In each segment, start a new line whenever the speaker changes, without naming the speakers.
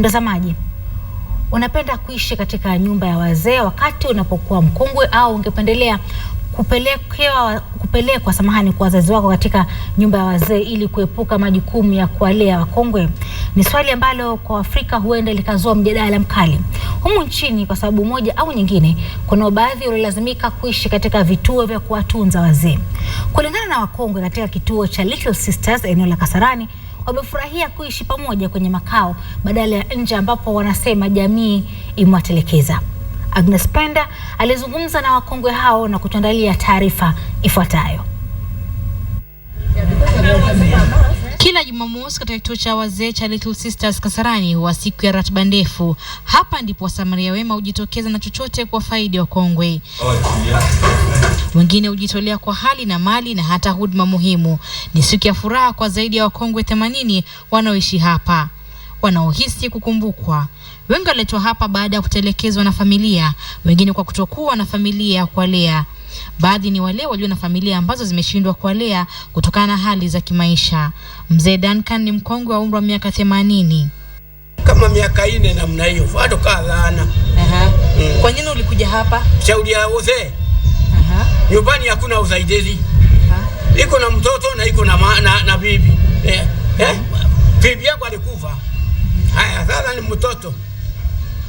Mtazamaji, unapenda kuishi katika nyumba ya wazee wakati unapokuwa mkongwe au ungependelea kupelekewa kupelekwa samahani kwa wazazi wako katika nyumba ya wazee ili kuepuka majukumu ya kuwalea wakongwe? Ni swali ambalo kwa afrika huenda likazua mjadala mkali humu nchini, kwa sababu moja au nyingine, kuna baadhi waliolazimika kuishi katika vituo vya kuwatunza wazee. Kulingana na wakongwe katika kituo cha Little Sisters eneo la Kasarani wamefurahia kuishi pamoja kwenye makao badala ya nje ambapo wanasema jamii imewatelekeza. Agnes Penda alizungumza na wakongwe hao na kutuandalia taarifa ifuatayo.
Kila Jumamosi katika kituo cha wazee cha Little Sisters Kasarani huwa siku ya ratiba ndefu. Hapa ndipo wasamaria wema hujitokeza na chochote kwa faidi wa kongwe, wengine hujitolea kwa hali na mali na hata huduma muhimu. Ni siku ya furaha kwa zaidi ya wakongwe 80 wanaoishi hapa wanaohisi kukumbukwa. Wengi waletwa hapa baada ya kutelekezwa na familia, wengine kwa kutokuwa na familia ya kuwalea. Baadhi ni wale walio na familia ambazo zimeshindwa kuwalea kutokana na hali za kimaisha. Mzee Duncan ni mkongwe wa umri wa miaka themanini
kama miaka ine namna hiyo bado kadhaana. mm.
Kwa nini ulikuja hapa?
shauri ya uzee. Nyumbani hakuna usaidizi, iko na mtoto na iko na, na, na bibi eh, eh? bibi yako alikufa. Haya, sasa ni mtoto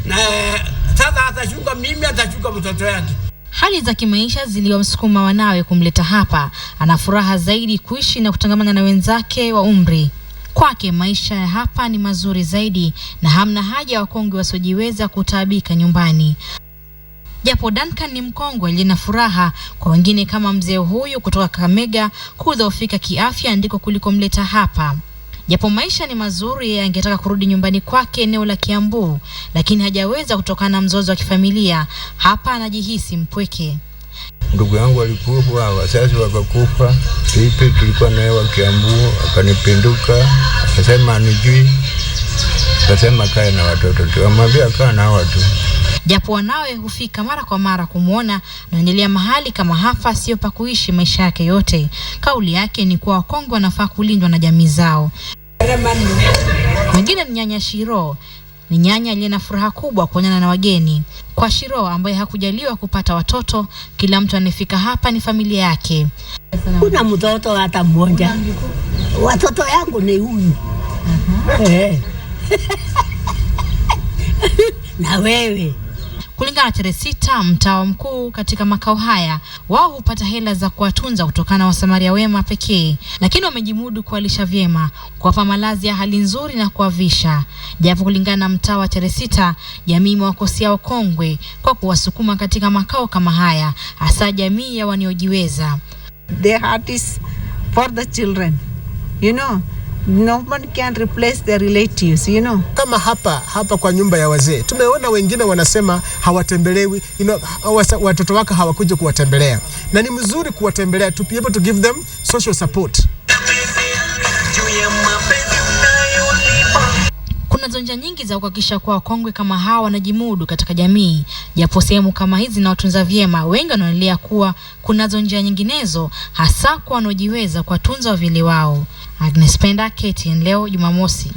na eh, sasa atashuka, mimi, atashuka mtoto yake.
Hali za kimaisha ziliwamsukuma wanawe kumleta hapa. Ana furaha zaidi kuishi na kutangamana na wenzake wa umri. Kwake maisha ya hapa ni mazuri zaidi na hamna haja ya wakongwe wasiojiweza kutaabika nyumbani. Japo Duncan ni mkongwe lina furaha kwa wengine kama mzee huyu kutoka Kakamega kudhoofika kiafya ndiko kulikomleta hapa. Japo maisha ni mazuri, yeye angetaka kurudi nyumbani kwake eneo la Kiambu, lakini hajaweza kutokana na mzozo wa kifamilia. Hapa anajihisi mpweke.
Ndugu yangu alikufa, wazazi wakakufa, ipi tulikuwa naye wa Kiambu, akanipinduka, akasema anijui, akasema kae na watoto, tu amwambia kaa na watu
japo wanawe hufika mara kwa mara kumwona, anaendelea mahali kama hapa sio pa kuishi maisha yake yote. Kauli yake ni kuwa wakongwe wanafaa kulindwa na jamii zao. Mwingine ni nyanya Shiro. Ni nyanya aliye na furaha kubwa kuonana na wageni. Kwa Shiro ambaye hakujaliwa kupata watoto, kila mtu anayefika hapa ni familia yake.
Kuna mtoto hata mmoja? Watoto yangu ni huyu. Uh eh. -huh. na wewe
Kulingana na Teresita, mtawa mkuu katika makao haya, wao hupata hela za kuwatunza kutokana na wasamaria wema pekee, lakini wamejimudu kuwalisha vyema, kuwapa malazi ya hali nzuri na kuwavisha. Japo kulingana na mtaa mtawa Teresita, jamii imewakosea wakongwe kwa kuwasukuma katika makao kama haya, hasa jamii ya wanaojiweza.
for the children. You know, no one can replace their relatives, you know.
Kama hapa hapa kwa nyumba ya wazee tumeona wengine wanasema hawatembelewi, you know, watoto wako hawakuja kuwatembelea, na ni mzuri kuwatembelea to be able to give them social support.
Kunazo njia nyingi za kuhakikisha kuwa wakongwe kama hawa wanajimudu katika jamii, japo sehemu kama hizi na watunza vyema, wengi wanaelea kuwa kunazo njia nyinginezo, hasa kwa wanaojiweza kuwatunza wavili wao. Agnes Penda, KTN Leo Jumamosi.